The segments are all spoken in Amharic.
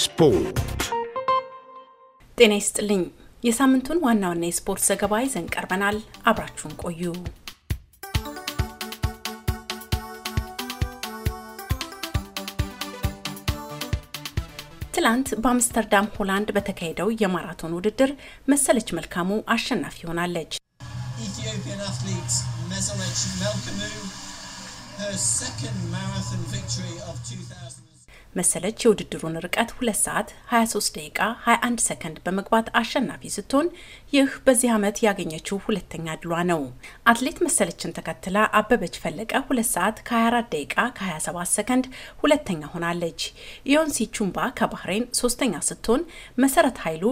ስፖርት። ጤና ይስጥልኝ። የሳምንቱን ዋና ዋና የስፖርት ዘገባ ይዘን ቀርበናል። አብራችሁን ቆዩ። ትላንት በአምስተርዳም ሆላንድ በተካሄደው የማራቶን ውድድር መሰለች መልካሙ አሸናፊ ሆናለች። መሰለች የውድድሩን ርቀት 2 ሰዓት 23 ደቂቃ 21 ሰከንድ በመግባት አሸናፊ ስትሆን ይህ በዚህ ዓመት ያገኘችው ሁለተኛ ድሏ ነው። አትሌት መሰለችን ተከትላ አበበች ፈለቀ 2 ሰዓት ከ24 ደቂቃ ከ27 ሰከንድ ሁለተኛ ሆናለች። ኢዮንሲ ቹምባ ከባህሬን ሶስተኛ ስትሆን መሰረት ኃይሉ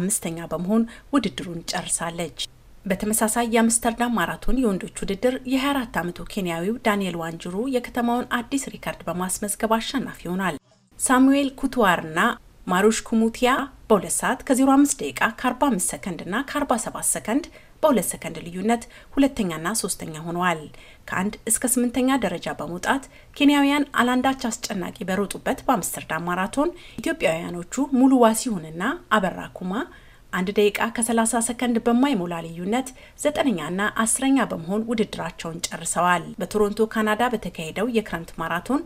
አምስተኛ በመሆን ውድድሩን ጨርሳለች። በተመሳሳይ የአምስተርዳም ማራቶን የወንዶች ውድድር የ24 ዓመቱ ኬንያዊው ዳንኤል ዋንጅሩ የከተማውን አዲስ ሪከርድ በማስመዝገብ አሸናፊ ይሆናል። ሳሙኤል ና ማሩሽ ኩሙቲያ በሁለት ሰዓት ከ05 ደቂቃ ከ45 ሰከንድ እና ከ47 ሰከንድ በሁለት ሰከንድ ልዩነት ሁለተኛና ሶስተኛ ሆነዋል። ከአንድ እስከ ስምንተኛ ደረጃ በመውጣት ኬንያውያን አላንዳች አስጨናቂ በሮጡበት በአምስተርዳም ማራቶን ኢትዮጵያውያኖቹ ሙሉ ዋሲሁንና አበራ ኩማ አንድ ደቂቃ ከ30 ሰከንድ በማይሞላ ልዩነት ዘጠነኛና አስረኛ በመሆን ውድድራቸውን ጨርሰዋል። በቶሮንቶ ካናዳ በተካሄደው የክረምት ማራቶን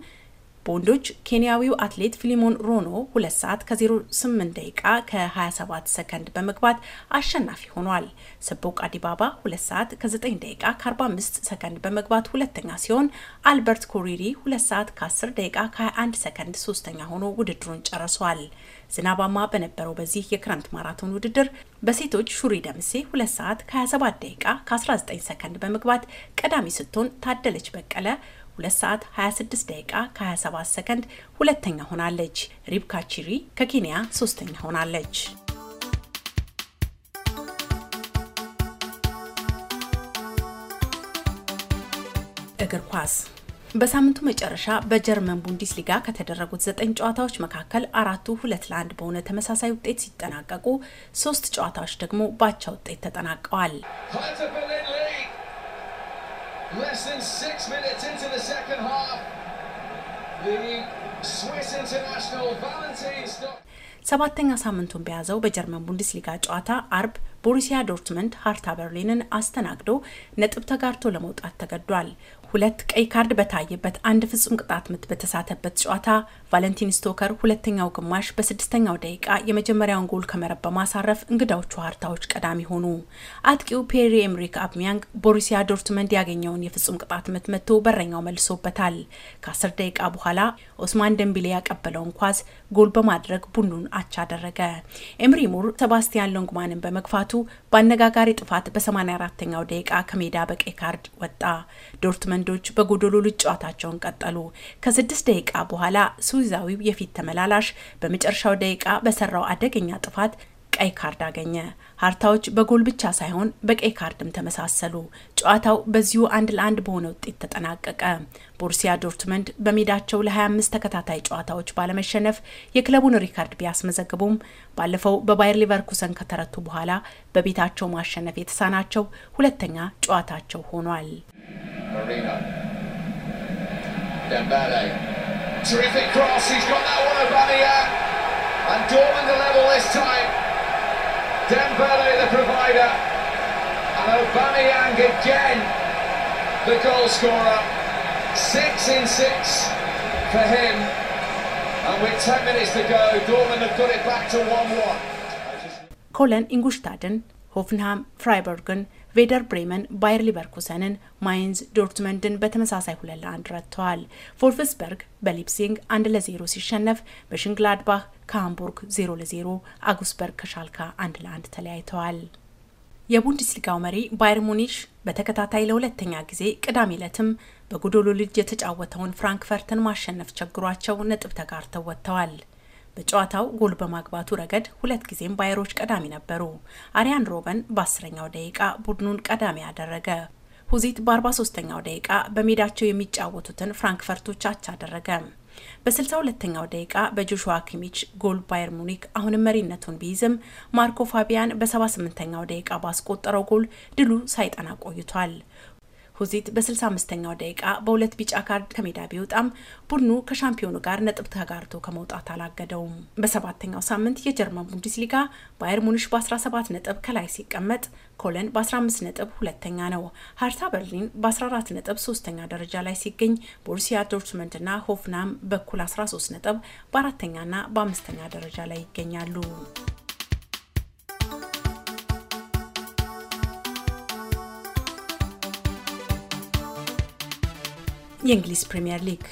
በወንዶች ኬንያዊው አትሌት ፊሊሞን ሮኖ 2 ሰዓት ከ08 ደቂቃ ከ27 ሰከንድ በመግባት አሸናፊ ሆኗል። ስቦቅ አዲባባ 2 ሰዓት ከ9 ደቂቃ ከ45 ሰከንድ በመግባት ሁለተኛ ሲሆን አልበርት ኮሪሪ 2 ሰዓት ከ10 ደቂቃ ከ21 ሰከንድ ሶስተኛ ሆኖ ውድድሩን ጨርሷል። ዝናባማ በነበረው በዚህ የክረምት ማራቶን ውድድር በሴቶች ሹሪ ደምሴ 2 ሰዓት ከ27 ደቂቃ ከ19 ሰከንድ በመግባት ቀዳሚ ስትሆን ታደለች በቀለ 2 ሰዓት 26 ደቂቃ ከ27 ሰከንድ ሁለተኛ ሆናለች። ሪብካ ቺሪ ከኬንያ ሶስተኛ ሆናለች። እግር ኳስ በሳምንቱ መጨረሻ በጀርመን ቡንዲስሊጋ ከተደረጉት ዘጠኝ ጨዋታዎች መካከል አራቱ ሁለት ለአንድ በሆነ ተመሳሳይ ውጤት ሲጠናቀቁ ሶስት ጨዋታዎች ደግሞ ባቻ ውጤት ተጠናቀዋል። ሰባተኛ ሳምንቱን በያዘው በጀርመን ቡንደስሊጋ ጨዋታ አርብ ቦሩሲያ ዶርትመንድ ሃርታ በርሊንን አስተናግዶ ነጥብ ተጋርቶ ለመውጣት ተገዷል። ሁለት ቀይ ካርድ በታየበት አንድ ፍጹም ቅጣት ምት በተሳተበት ጨዋታ ቫለንቲን ስቶከር ሁለተኛው ግማሽ በስድስተኛው ደቂቃ የመጀመሪያውን ጎል ከመረብ በማሳረፍ እንግዳዎቹ ሀርታዎች ቀዳሚ ሆኑ። አጥቂው ፔሪ ኤምሪክ አብሚያንግ ቦሩሲያ ዶርትመንድ ያገኘውን የፍጹም ቅጣት ምት መቶ በረኛው መልሶበታል። ከአስር ደቂቃ በኋላ ኦስማን ደንቢሌ ያቀበለውን ኳስ ጎል በማድረግ ቡድኑን አቻ አደረገ። ኤምሪ ሙር ሰባስቲያን ሎንግማንን በመግፋቱ በአነጋጋሪ ጥፋት በ84ኛው ደቂቃ ከሜዳ በቀይ ካርድ ወጣ። ዶርትመንዶች በጎዶሎ ልጅ ጨዋታቸውን ቀጠሉ። ከስድስት ደቂቃ በኋላ ስዊዛዊው የፊት ተመላላሽ በመጨረሻው ደቂቃ በሰራው አደገኛ ጥፋት ቀይ ካርድ አገኘ። ሀርታዎች በጎል ብቻ ሳይሆን በቀይ ካርድም ተመሳሰሉ። ጨዋታው በዚሁ አንድ ለአንድ በሆነ ውጤት ተጠናቀቀ። ቦሩሲያ ዶርትመንድ በሜዳቸው ለ25 ተከታታይ ጨዋታዎች ባለመሸነፍ የክለቡን ሪካርድ ቢያስመዘግቡም ባለፈው በባየር ሊቨርኩሰን ከተረቱ በኋላ በቤታቸው ማሸነፍ የተሳናቸው ሁለተኛ ጨዋታቸው ሆኗል። Terrific cross, he's got that one And Dortmund the level this time. Dembele the provider. And Aubameyang again, the goal scorer. Six in six for him. And with 10 minutes to go, Dortmund have got it back to 1-1. Colin Hoffenheim, Freiburgen, ቬደር ብሬመን ባየር ሊቨርኩሰንን፣ ማይንዝ ዶርትመንድን በተመሳሳይ ሁለት ለአንድ ረትተዋል። ቮልፍስበርግ በሊፕሲንግ አንድ ለዜሮ ሲሸነፍ በሽንግላድባህ ከሃምቡርግ ዜሮ ለዜሮ፣ አጉስበርግ ከሻልካ አንድ ለአንድ ተለያይተዋል። የቡንደስሊጋው መሪ ባየር ሙኒሽ በተከታታይ ለሁለተኛ ጊዜ ቅዳሜ ዕለትም በጉዶሎ ልጅ የተጫወተውን ፍራንክፈርትን ማሸነፍ ቸግሯቸው ነጥብ ተጋርተው ወጥተዋል። በጨዋታው ጎል በማግባቱ ረገድ ሁለት ጊዜም ባየሮች ቀዳሚ ነበሩ። አሪያን ሮበን በአስረኛው ደቂቃ ቡድኑን ቀዳሚ አደረገ። ሁዚት በ43ኛው ደቂቃ በሜዳቸው የሚጫወቱትን ፍራንክፈርቶች አቻ አደረገ። በ62ኛው ደቂቃ በጆሹዋ ኪሚች ጎል ባየር ሙኒክ አሁንም መሪነቱን ቢይዝም ማርኮ ፋቢያን በ78ኛው ደቂቃ ባስቆጠረው ጎል ድሉ ሳይጠና ቆይቷል። ሁዚት በ65ኛው ደቂቃ በሁለት ቢጫ ካርድ ከሜዳ ቢወጣም ቡድኑ ከሻምፒዮኑ ጋር ነጥብ ተጋርቶ ከመውጣት አላገደውም። በሰባተኛው ሳምንት የጀርመን ቡንደስሊጋ ባየር ሙኒሽ በ17 ነጥብ ከላይ ሲቀመጥ ኮለን በ15 ነጥብ ሁለተኛ ነው። ሀርታ በርሊን በ14 ነጥብ ሶስተኛ ደረጃ ላይ ሲገኝ ቦሩሲያ ና ሆፍናም በኩል 13 ነጥብ ና በአምስተኛ ደረጃ ላይ ይገኛሉ። የእንግሊዝ ፕሪምየር ሊግ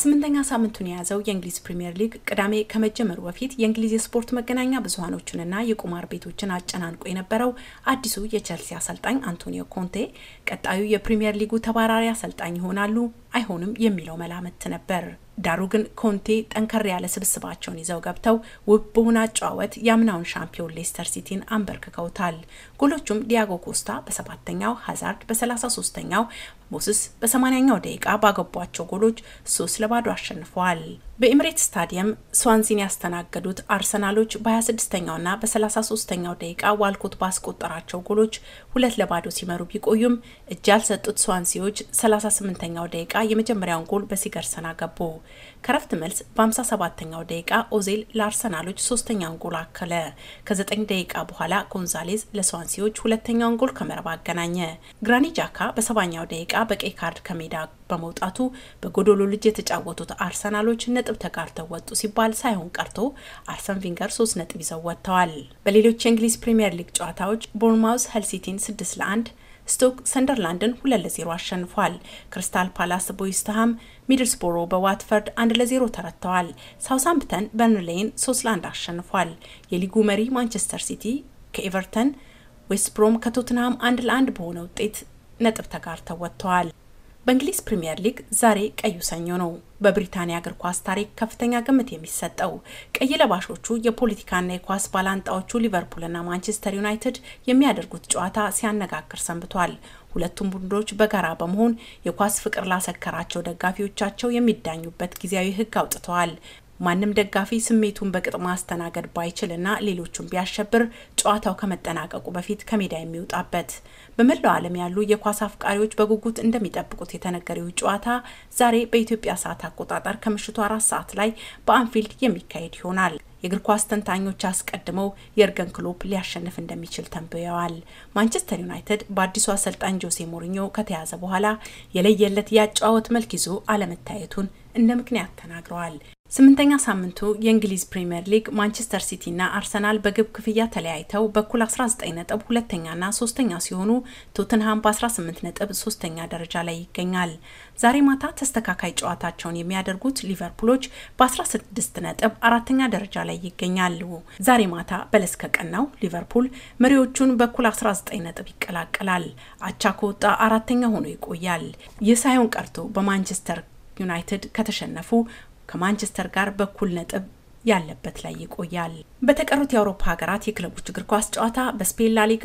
ስምንተኛ ሳምንቱን የያዘው የእንግሊዝ ፕሪምየር ሊግ ቅዳሜ ከመጀመሩ በፊት የእንግሊዝ የስፖርት መገናኛ ብዙኃኖችንና የቁማር ቤቶችን አጨናንቆ የነበረው አዲሱ የቸልሲ አሰልጣኝ አንቶኒዮ ኮንቴ ቀጣዩ የፕሪምየር ሊጉ ተባራሪ አሰልጣኝ ይሆናሉ አይሆንም የሚለው መላምት ነበር። ዳሩ ግን ኮንቴ ጠንከር ያለ ስብስባቸውን ይዘው ገብተው ውብ በሆነ አጨዋወት የአምናውን ሻምፒዮን ሌስተር ሲቲን አንበርክከውታል። ጎሎቹም ዲያጎ ኮስታ በሰባተኛው፣ ሀዛርድ በ 3 ኛው ሞስስ በ 8 ኛው ደቂቃ ባገቧቸው ጎሎች ሶስት ለባዶ አሸንፈዋል። በኤምሬት ስታዲየም ስዋንዚን ያስተናገዱት አርሰናሎች በ26ኛውና በ33ኛው ደቂቃ ዋልኮት ባስቆጠራቸው ጎሎች ሁለት ለባዶ ሲመሩ ቢቆዩም እጅ ያልሰጡት ስዋንሲዎች 38ኛው ደቂቃ የመጀመሪያውን ጎል በሲገርሰን አገቡ። ከረፍት መልስ በ57ኛው ደቂቃ ኦዜል ለአርሰናሎች ሶስተኛውን ጎል አከለ። ከ9 ደቂቃ በኋላ ጎንዛሌዝ ለስዋንሲዎች ሁለተኛውን ጎል ከመረብ አገናኘ። ግራኒ ጃካ በሰባኛው ደቂቃ በቀይ ካርድ ከሜዳ በመውጣቱ በጎዶሎ ልጅ የተጫወቱት አርሰናሎች ነጥብ ተጋርተው ወጡ ሲባል ሳይሆን ቀርቶ አርሰን ቪንገር ሶስት ነጥብ ይዘው ወጥተዋል። በሌሎች የእንግሊዝ ፕሪምየር ሊግ ጨዋታዎች ቦርንማውዝ ሄልሲቲን 6 ለ1 ስቶክ ሰንደርላንድን ሁለት ለዜሮ አሸንፏል። ክሪስታል ፓላስ ቦይስተሃም ሚድልስቦሮ በዋትፈርድ አንድ ለዜሮ ተረትተዋል። ሳውሳምፕተን በርንሌይን ሶስት ለአንድ አሸንፏል። የሊጉ መሪ ማንቸስተር ሲቲ ከኤቨርተን፣ ዌስት ብሮም ከቶትንሃም አንድ ለአንድ በሆነ ውጤት ነጥብ ተጋርተው ወጥተዋል። በእንግሊዝ ፕሪምየር ሊግ ዛሬ ቀዩ ሰኞ ነው። በብሪታንያ እግር ኳስ ታሪክ ከፍተኛ ግምት የሚሰጠው ቀይ ለባሾቹ የፖለቲካና የኳስ ባላንጣዎቹ ሊቨርፑልና ማንቸስተር ዩናይትድ የሚያደርጉት ጨዋታ ሲያነጋግር ሰንብቷል። ሁለቱም ቡድኖች በጋራ በመሆን የኳስ ፍቅር ላሰከራቸው ደጋፊዎቻቸው የሚዳኙበት ጊዜያዊ ሕግ አውጥተዋል። ማንም ደጋፊ ስሜቱን በቅጥ ማስተናገድ ባይችልና ሌሎቹን ቢያሸብር ጨዋታው ከመጠናቀቁ በፊት ከሜዳ የሚወጣበት በመላው ዓለም ያሉ የኳስ አፍቃሪዎች በጉጉት እንደሚጠብቁት የተነገረው ጨዋታ ዛሬ በኢትዮጵያ ሰዓት አቆጣጠር ከምሽቱ አራት ሰዓት ላይ በአንፊልድ የሚካሄድ ይሆናል። የእግር ኳስ ተንታኞች አስቀድመው የእርገን ክሎፕ ሊያሸንፍ እንደሚችል ተንብየዋል። ማንቸስተር ዩናይትድ በአዲሱ አሰልጣኝ ጆሴ ሞሪኞ ከተያዘ በኋላ የለየለት ያጨዋወት መልክ ይዞ አለመታየቱን እንደ ምክንያት ተናግረዋል። ስምንተኛ ሳምንቱ የእንግሊዝ ፕሪምየር ሊግ ማንቸስተር ሲቲና አርሰናል በግብ ክፍያ ተለያይተው በኩል 19 ነጥብ ና ሶስተኛ ሲሆኑ ቶትንሃም በ18 ነጥብ ሶስተኛ ደረጃ ላይ ይገኛል። ዛሬ ማታ ተስተካካይ ጨዋታቸውን የሚያደርጉት ሊቨርፑሎች በ16 ነጥብ አራተኛ ደረጃ ላይ ይገኛሉ። ዛሬ ማታ በለስ ከቀናው ሊቨርፑል መሪዎቹን በኩል 19 ነጥብ ይቀላቀላል። አቻ ከወጣ አራተኛ ሆኖ ይቆያል። ይህ ሳይሆን ቀርቶ በማንቸስተር ዩናይትድ ከተሸነፉ ከማንቸስተር ጋር በኩል ነጥብ ያለበት ላይ ይቆያል። በተቀሩት የአውሮፓ ሀገራት የክለቦች እግር ኳስ ጨዋታ በስፔን ላሊጋ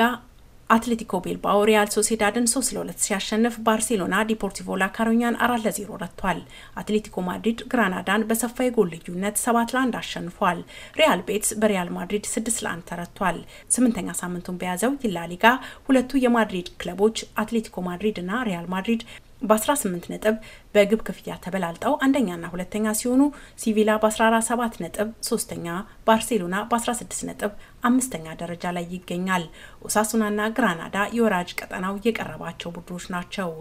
አትሌቲኮ ቤልባኦ ሪያል ሶሴዳድን 3 ለ2 ሲያሸንፍ ባርሴሎና ዲፖርቲቮ ላካሮኛን 4 ለ0 ረቷል። አትሌቲኮ ማድሪድ ግራናዳን በሰፋ የጎል ልዩነት 7 ለ1 አሸንፏል። ሪያል ቤትስ በሪያል ማድሪድ 6 ለ1 ተረቷል። ስምንተኛ ሳምንቱን በያዘው ይላ ሊጋ ሁለቱ የማድሪድ ክለቦች አትሌቲኮ ማድሪድ እና ሪያል ማድሪድ በ18 ነጥብ በግብ ክፍያ ተበላልጠው አንደኛና ሁለተኛ ሲሆኑ ሲቪላ በ147 ነጥብ ሶስተኛ፣ ባርሴሎና በ16 ነጥብ አምስተኛ ደረጃ ላይ ይገኛል። ኦሳሱናና ግራናዳ የወራጅ ቀጠናው የቀረባቸው ቡድኖች ናቸው።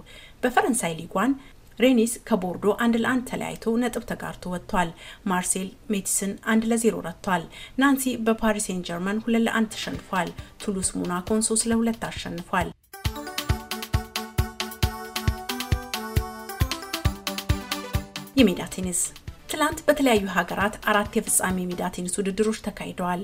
በፈረንሳይ ሊጓን ሬኒስ ከቦርዶ አንድ ለአንድ ተለያይቶ ነጥብ ተጋርቶ ወጥቷል። ማርሴል ሜቲስን አንድ ለዜሮ ረጥቷል። ናንሲ በፓሪስ ሴን ጀርመን ሁለት ለአንድ ተሸንፏል። ቱሉስ ሙናኮን ሶስት ለሁለት አሸንፏል። የሜዳ ቴኒስ ትላንት በተለያዩ ሀገራት አራት የፍጻሜ የሜዳ ቴኒስ ውድድሮች ተካሂደዋል።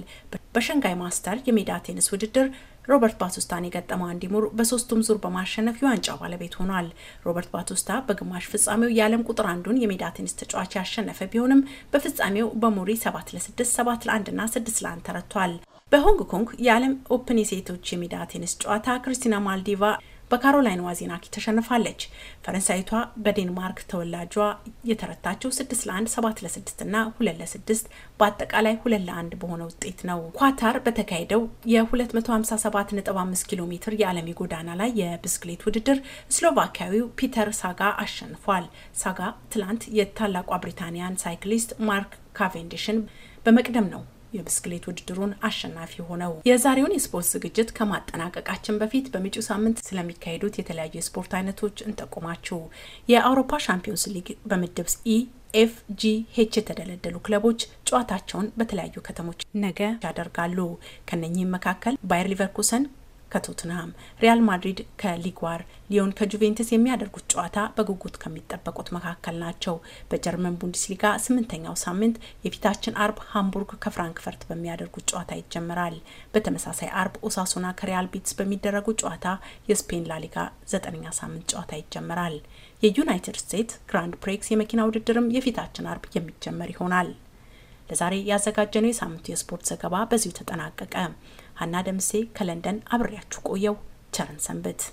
በሸንጋይ ማስተር የሜዳ ቴኒስ ውድድር ሮበርት ባቱስታን የገጠመው አንዲ ሙር በሶስቱም ዙር በማሸነፍ የዋንጫው ባለቤት ሆኗል። ሮበርት ባቱስታ በግማሽ ፍጻሜው የዓለም ቁጥር አንዱን የሜዳ ቴኒስ ተጫዋች ያሸነፈ ቢሆንም በፍጻሜው በሙሪ 7 ለ6፣ 7 ለ1 ና 6 ለ1 ተረቷል። በሆንግ ኮንግ የዓለም ኦፕን የሴቶች የሜዳ ቴኒስ ጨዋታ ክርስቲና ማልዲቫ በካሮላይን ዋዜናኪ ተሸንፋለች። ፈረንሳይቷ በዴንማርክ ተወላጇ የተረታቸው 6 ለ1፣ 7 ለ6 እና 2 ለ6 በአጠቃላይ 2 ለ1 በሆነ ውጤት ነው። ኳታር በተካሄደው የ257.5 ኪሎ ሜትር የዓለም የጎዳና ላይ የብስክሌት ውድድር ስሎቫኪያዊው ፒተር ሳጋ አሸንፏል። ሳጋ ትላንት የታላቋ ብሪታንያን ሳይክሊስት ማርክ ካቬንዲሽን በመቅደም ነው የብስክሌት ውድድሩን አሸናፊ ሆነው። የዛሬውን የስፖርት ዝግጅት ከማጠናቀቃችን በፊት በመጪው ሳምንት ስለሚካሄዱት የተለያዩ የስፖርት አይነቶች እንጠቁማችሁ። የአውሮፓ ሻምፒዮንስ ሊግ በምድብ ኢ ኤፍ ጂ ሄች የተደለደሉ ክለቦች ጨዋታቸውን በተለያዩ ከተሞች ነገ ያደርጋሉ። ከነኚህም መካከል ባየር ሊቨርኩሰን ከቶትንሃም፣ ሪያል ማድሪድ ከሊጓር፣ ሊዮን ከጁቬንትስ የሚያደርጉት ጨዋታ በጉጉት ከሚጠበቁት መካከል ናቸው። በጀርመን ቡንድስሊጋ ስምንተኛው ሳምንት የፊታችን አርብ ሃምቡርግ ከፍራንክፈርት በሚያደርጉት ጨዋታ ይጀምራል። በተመሳሳይ አርብ ኦሳሱና ከሪያል ቤትስ በሚደረጉ ጨዋታ የስፔን ላሊጋ ዘጠነኛ ሳምንት ጨዋታ ይጀምራል። የዩናይትድ ስቴትስ ግራንድ ፕሬክስ የመኪና ውድድርም የፊታችን አርብ የሚጀመር ይሆናል። ለዛሬ ያዘጋጀነው የሳምንቱ የስፖርት ዘገባ በዚሁ ተጠናቀቀ። ሀና ደምሴ ከለንደን አብሬያችሁ ቆየው። ቸርን ሰንብት።